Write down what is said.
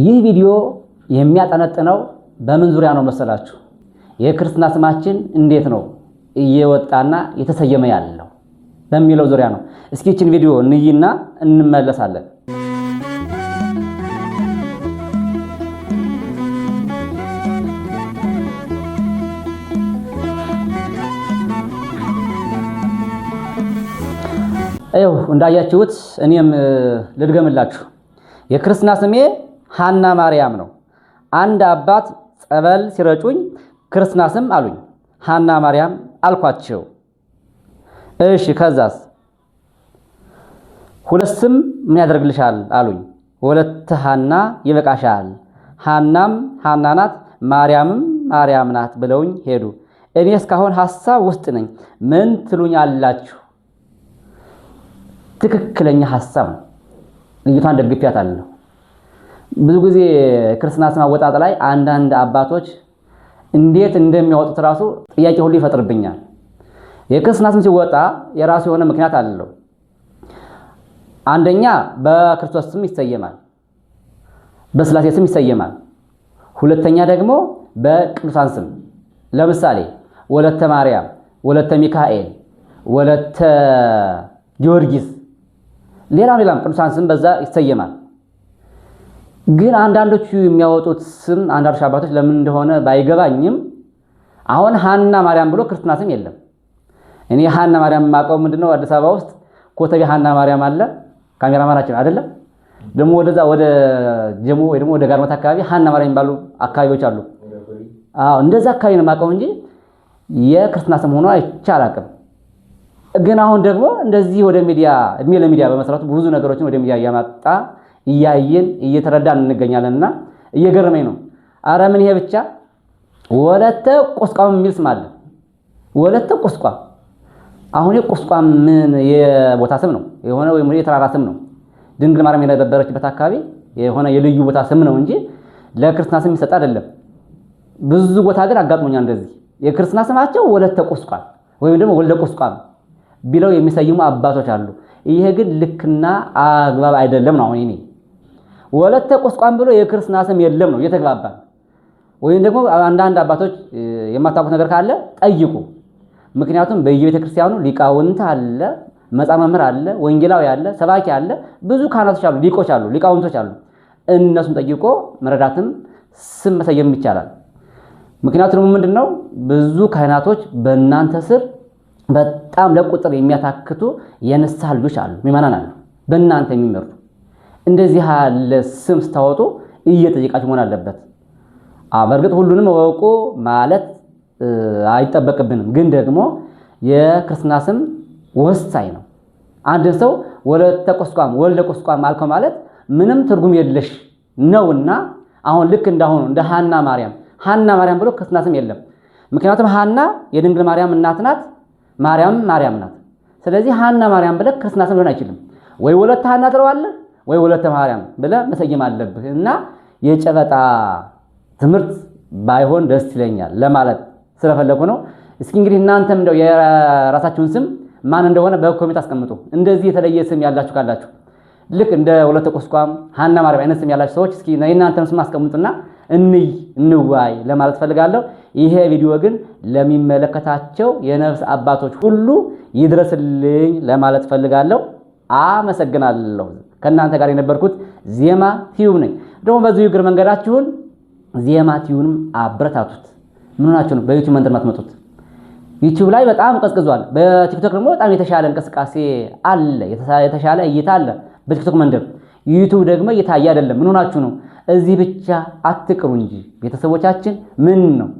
ይህ ቪዲዮ የሚያጠነጥነው በምን ዙሪያ ነው መሰላችሁ? የክርስትና ስማችን እንዴት ነው እየወጣና የተሰየመ ያለው በሚለው ዙሪያ ነው። እስኪ ይችን ቪዲዮ እንይና እንመለሳለን። ይኸው እንዳያችሁት እኔም ልድገምላችሁ የክርስትና ስሜ ሐና ማርያም ነው። አንድ አባት ጸበል ሲረጩኝ ክርስትና ስም አሉኝ። ሐና ማርያም አልኳቸው። እሺ ከዛስ? ሁለት ስም ምን ያደርግልሻል አሉኝ። ወለተ ሐና ይበቃሻል። ሐናም ሐና ናት፣ ማርያምም ማርያም ናት ብለውኝ ሄዱ። እኔ እስካሁን ሐሳብ ውስጥ ነኝ። ምን ትሉኝ አላችሁ? ትክክለኛ ሐሳብ ልጅቷን ደግፊያት አለሁ ብዙ ጊዜ ክርስትና ስም አወጣጥ ላይ አንዳንድ አባቶች እንዴት እንደሚያወጡት ራሱ ጥያቄ ሁሉ ይፈጥርብኛል። የክርስትና ስም ሲወጣ የራሱ የሆነ ምክንያት አለው። አንደኛ በክርስቶስ ስም ይሰየማል፣ በስላሴ ስም ይሰየማል። ሁለተኛ ደግሞ በቅዱሳን ስም ለምሳሌ ወለተ ማርያም፣ ወለተ ሚካኤል፣ ወለተ ጊዮርጊስ፣ ሌላም ሌላም ቅዱሳን ስም በዛ ይሰየማል። ግን አንዳንዶቹ የሚያወጡት ስም አንዳንዶች አባቶች ለምን እንደሆነ ባይገባኝም አሁን ሀና ማርያም ብሎ ክርስትና ስም የለም። እኔ ሀና ማርያም የማውቀው ምንድነው አዲስ አበባ ውስጥ ኮተቤ ሀና ማርያም አለ፣ ካሜራማናችን አይደለም። ደግሞ ወደዛ ወደ ጀሞ ወይ ደግሞ ወደ ጋርመት አካባቢ ሀና ማርያም የሚባሉ አካባቢዎች አሉ። አዎ እንደዛ አካባቢ ነው የማውቀው እንጂ የክርስትና ስም ሆኖ አይቼ አላውቅም። ግን አሁን ደግሞ እንደዚህ ወደ ሚዲያ እድሜ ለሚዲያ በመስራቱ ብዙ ነገሮችን ወደ ሚዲያ እያመጣ እያየን እየተረዳን እንገኛለን እና እየገረመኝ ነው። አረ ምን ይሄ ብቻ ወለተ ቁስቋም የሚል ስም አለ። ወለተ ቁስቋም አሁን ቁስቋም ምን የቦታ ስም ነው የሆነ ወይም የተራራ ስም ነው። ድንግል ማርያም የነበረችበት አካባቢ የሆነ የልዩ ቦታ ስም ነው እንጂ ለክርስትና ስም ይሰጥ አይደለም። ብዙ ቦታ ግን አጋጥሞኛል እንደዚህ የክርስትና ስማቸው ወለተ ቁስቋም ወይም ደግሞ ወልደ ቁስቋም ቢለው የሚሰይሙ አባቶች አሉ። ይሄ ግን ልክና አግባብ አይደለም ነው አሁን ወለተ ቁስቋም ብሎ የክርስትና ስም የለም ነው እየተግባባ። ወይም ደግሞ አንዳንድ አባቶች የማታውቁት ነገር ካለ ጠይቁ። ምክንያቱም በየቤተ ክርስቲያኑ ሊቃውንት አለ፣ መጻ መምህር አለ፣ ወንጌላዊ አለ፣ ሰባኪ አለ፣ ብዙ ካህናቶች አሉ፣ ሊቆች አሉ፣ ሊቃውንቶች አሉ። እነሱም ጠይቆ መረዳትም ስም መሰየም ይቻላል። ምክንያቱ ደግሞ ምንድን ነው? ብዙ ካህናቶች በእናንተ ስር በጣም ለቁጥር የሚያታክቱ የንስሐ ልጆች አሉ፣ ሚመናን አሉ፣ በእናንተ የሚመሩ እንደዚህ ያለ ስም ስታወጡ እየጠየቃችሁ መሆን አለበት። በእርግጥ ሁሉንም እወቁ ማለት አይጠበቅብንም፣ ግን ደግሞ የክርስትና ስም ወሳኝ ነው። አንድ ሰው ወለተ ቁስቋም ወልደ ቁስቋም አልከው ማለት ምንም ትርጉም የለሽ ነውና አሁን ልክ እንዳሁኑ እንደ ሃና ማርያም ሃና ማርያም ብሎ ክርስትና ስም የለም። ምክንያቱም ሃና የድንግል ማርያም እናት ናት፣ ማርያም ማርያም ናት። ስለዚህ ሃና ማርያም ብለህ ክርስትና ስም ሊሆን አይችልም። ወይ ወለተ ሃና ትለዋለህ ወይ ወለተ ማርያም ብለህ መሰየም አለብህ እና የጨበጣ ትምህርት ባይሆን ደስ ይለኛል ለማለት ስለፈለኩ ነው። እስኪ እንግዲህ እናንተም እንደው የራሳችሁን ስም ማን እንደሆነ በኮሜንት አስቀምጡ። እንደዚህ የተለየ ስም ያላችሁ ካላችሁ ልክ እንደ ወለተ ቁስቋም፣ ሀና ማርያም አይነት ስም ያላችሁ ሰዎች እስኪ የእናንተን ስም አስቀምጡና እንይ እንዋይ ለማለት ፈልጋለሁ። ይሄ ቪዲዮ ግን ለሚመለከታቸው የነፍስ አባቶች ሁሉ ይድረስልኝ ለማለት ፈልጋለሁ። አመሰግናለሁ። ከእናንተ ጋር የነበርኩት ዜማ ቲዩብ ነኝ። ደግሞ በዚሁ እግር መንገዳችሁን ዜማ ቲዩንም አበረታቱት። ምን ሆናችሁ ነው በዩቲዩብ መንደር ማትመጡት? ዩቲዩብ ላይ በጣም ቀዝቅዟል። በቲክቶክ ደግሞ በጣም የተሻለ እንቅስቃሴ አለ፣ የተሻለ እይታ አለ በቲክቶክ መንደር። ዩቲዩብ ደግሞ እየታየ አይደለም። ምን ሆናችሁ ነው? እዚህ ብቻ አትቅሩ እንጂ ቤተሰቦቻችን ምን ነው